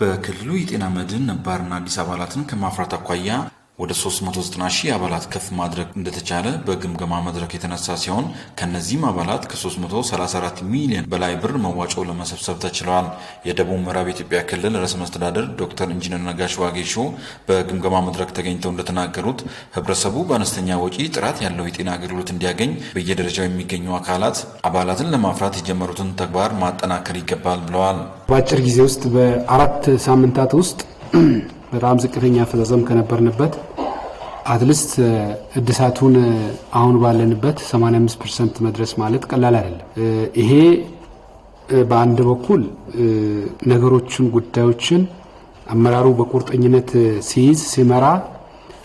በክልሉ የጤና መድን ነባርና አዲስ አባላትን ከማፍራት አኳያ ወደ 390 ሺህ አባላት ከፍ ማድረግ እንደተቻለ በግምገማ መድረክ የተነሳ ሲሆን ከነዚህም አባላት ከ334 ሚሊዮን በላይ ብር መዋጮ ለመሰብሰብ ተችለዋል። የደቡብ ምዕራብ ኢትዮጵያ ክልል ርዕሰ መስተዳደር ዶክተር ኢንጂነር ነጋሽ ዋጌሾ በግምገማ መድረክ ተገኝተው እንደተናገሩት ህብረተሰቡ በአነስተኛ ወጪ ጥራት ያለው የጤና አገልግሎት እንዲያገኝ በየደረጃው የሚገኙ አካላት አባላትን ለማፍራት የጀመሩትን ተግባር ማጠናከር ይገባል ብለዋል። በአጭር ጊዜ ውስጥ በአራት ሳምንታት ውስጥ በጣም ዝቅተኛ አፈጻጸም ከነበርንበት አትሊስት እድሳቱን አሁን ባለንበት 85 ፐርሰንት መድረስ ማለት ቀላል አይደለም። ይሄ በአንድ በኩል ነገሮችን፣ ጉዳዮችን አመራሩ በቁርጠኝነት ሲይዝ ሲመራ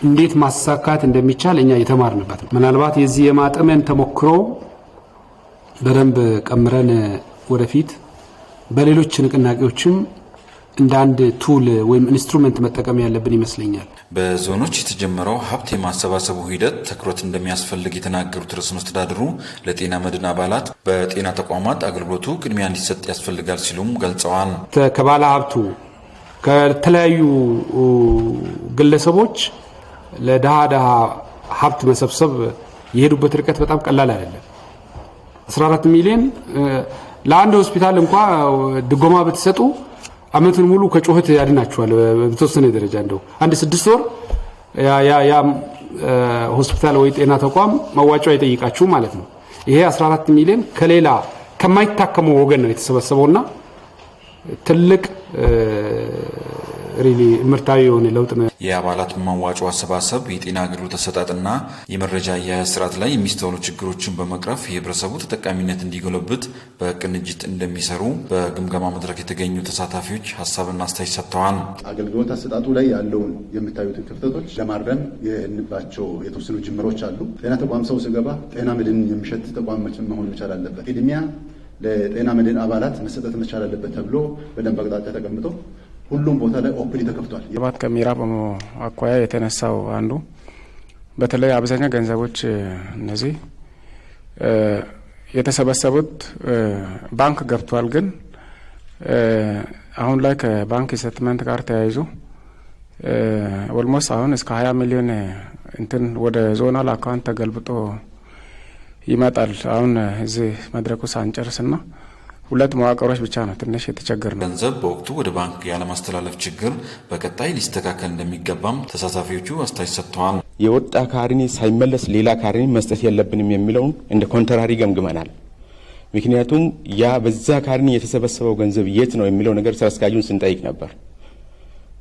እንዴት ማሳካት እንደሚቻል እኛ የተማርንበት ነው። ምናልባት የዚህ የማጠመን ተሞክሮ በደንብ ቀምረን ወደፊት በሌሎች ንቅናቄዎችም እንደ አንድ ቱል ወይም ኢንስትሩመንት መጠቀም ያለብን ይመስለኛል። በዞኖች የተጀመረው ሀብት የማሰባሰቡ ሂደት ትኩረት እንደሚያስፈልግ የተናገሩት ርዕሰ መስተዳድሩ ለጤና መድን አባላት በጤና ተቋማት አገልግሎቱ ቅድሚያ እንዲሰጥ ያስፈልጋል ሲሉም ገልጸዋል። ከባለ ሀብቱ ከተለያዩ ግለሰቦች ለድሃ ድሃ ሀብት መሰብሰብ የሄዱበት ርቀት በጣም ቀላል አይደለም። 14 ሚሊዮን ለአንድ ሆስፒታል እንኳ ድጎማ ብትሰጡ አመቱን ሙሉ ከጩኸት ያድናችኋል። በተወሰነ ደረጃ እንደው አንድ ስድስት ወር ያ ሆስፒታል ወይ ጤና ተቋም መዋጮ አይጠይቃችሁ ማለት ነው። ይሄ 14 ሚሊዮን ከሌላ ከማይታከሙ ወገን ነው የተሰበሰበውና ትልቅ ሪሊ ምርታዊ የሆነ ለውጥ ነው። የአባላት መዋጮ አሰባሰብ፣ የጤና አገልግሎት አሰጣጥና የመረጃ አያያዝ ስርዓት ላይ የሚስተዋሉ ችግሮችን በመቅረፍ የህብረተሰቡ ተጠቃሚነት እንዲጎለብት በቅንጅት እንደሚሰሩ በግምገማ መድረክ የተገኙ ተሳታፊዎች ሀሳብና አስተያየት ሰጥተዋል። አገልግሎት አሰጣጡ ላይ ያለውን የምታዩትን ክፍተቶች ለማረም የህንባቸው የተወሰኑ ጅምሮች አሉ። ጤና ተቋም ሰው ስገባ ጤና ምድን የሚሸት ተቋም መሆን መቻል አለበት። ቅድሚያ ለጤና መድን አባላት መሰጠት መቻል አለበት ተብሎ በደንብ አቅጣጫ ተቀምጦ ሁሉም ቦታ ላይ ኦፕን ተከፍቷል። የባት ከሚራ አኳያ የተነሳው አንዱ በተለይ አብዛኛ ገንዘቦች እነዚህ የተሰበሰቡት ባንክ ገብቷል። ግን አሁን ላይ ከባንክ ሴትልመንት ጋር ተያይዞ ኦልሞስት አሁን እስከ ሀያ ሚሊዮን እንትን ወደ ዞናል አካውንት ተገልብጦ ይመጣል። አሁን እዚህ መድረኩ ሳንጨርስና ሁለት መዋቅሮች ብቻ ነው ትንሽ የተቸገር ነው። ገንዘብ በወቅቱ ወደ ባንክ ያለማስተላለፍ ችግር በቀጣይ ሊስተካከል እንደሚገባም ተሳታፊዎቹ አስተያየት ሰጥተዋል። የወጣ ካሪኒ ሳይመለስ ሌላ ካሪኒ መስጠት የለብንም የሚለውን እንደ ኮንትራሪ ገምግመናል። ምክንያቱም ያ በዛ ካሪኒ የተሰበሰበው ገንዘብ የት ነው የሚለው ነገር ስራ አስኪያጁን ስንጠይቅ ነበር።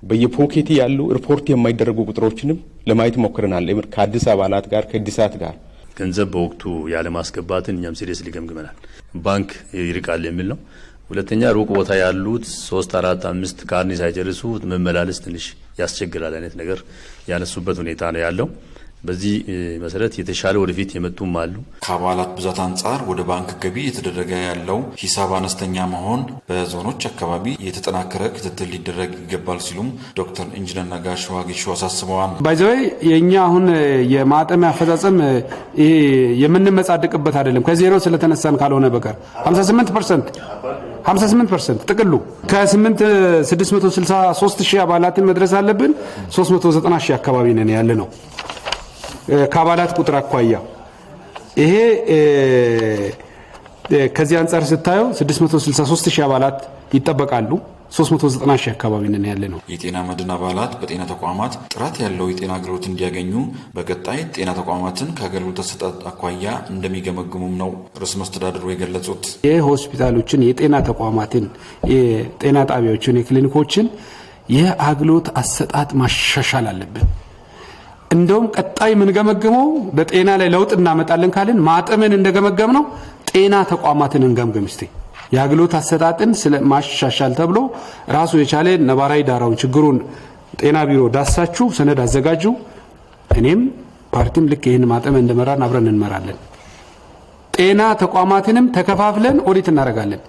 በየፖኬቲ ያሉ ሪፖርት የማይደረጉ ቁጥሮችንም ለማየት ሞክረናል ከአዲስ አባላት ጋር ከእድሳት ጋር ገንዘብ በወቅቱ ያለማስገባትን እኛም ሲሪየስ ሊገምግመናል ባንክ ይርቃል የሚል ነው። ሁለተኛ ሩቅ ቦታ ያሉት ሶስት አራት አምስት ካርኒ ሳይጨርሱ መመላለስ ትንሽ ያስቸግራል አይነት ነገር ያነሱበት ሁኔታ ነው ያለው። በዚህ መሰረት የተሻለ ወደፊት የመጡም አሉ። ከአባላት ብዛት አንጻር ወደ ባንክ ገቢ እየተደረገ ያለው ሂሳብ አነስተኛ መሆን በዞኖች አካባቢ የተጠናከረ ክትትል ሊደረግ ይገባል ሲሉም ዶክተር ኢንጂነር ነጋሽ ዋጌሾ አሳስበዋል። ባይዘወይ የእኛ አሁን የማጠሚያ አፈጻጸም የምንመጻድቅበት አይደለም ከዜሮ ስለተነሳን ካልሆነ በቀር 58 ፐርሰንት 58 ፐርሰንት ጥቅሉ ከ8663 ሺህ አባላትን መድረስ አለብን። 390 ሺህ አካባቢ ነን ያለ ነው። ከአባላት ቁጥር አኳያ ይሄ ከዚህ አንጻር ስታየው 663 ሺህ አባላት ይጠበቃሉ። 390 ሺህ አካባቢ ነን ያለ ነው። የጤና መድን አባላት በጤና ተቋማት ጥራት ያለው የጤና አገልግሎት እንዲያገኙ በቀጣይ ጤና ተቋማትን ከአገልግሎት አሰጣጥ አኳያ እንደሚገመግሙም ነው ርዕሰ መስተዳድሩ የገለጹት። የሆስፒታሎችን፣ የጤና ተቋማትን፣ የጤና ጣቢያዎችን፣ የክሊኒኮችን የአገልግሎት አሰጣጥ ማሻሻል አለብን። እንደውም ቀጣይ የምንገመግመው በጤና ላይ ለውጥ እናመጣለን ካለን ማጠመን እንደገመገም ነው። ጤና ተቋማትን እንገምግም እስቲ። የአገልግሎት አሰጣጥን ስለ ማሻሻል ተብሎ ራሱ የቻለ ነባራዊ ዳራውን ችግሩን ጤና ቢሮ ዳሳችሁ ሰነድ አዘጋጁ። እኔም ፓርቲም ልክ ይህን ማጠም እንደመራን አብረን እንመራለን። ጤና ተቋማትንም ተከፋፍለን ኦዲት እናደርጋለን።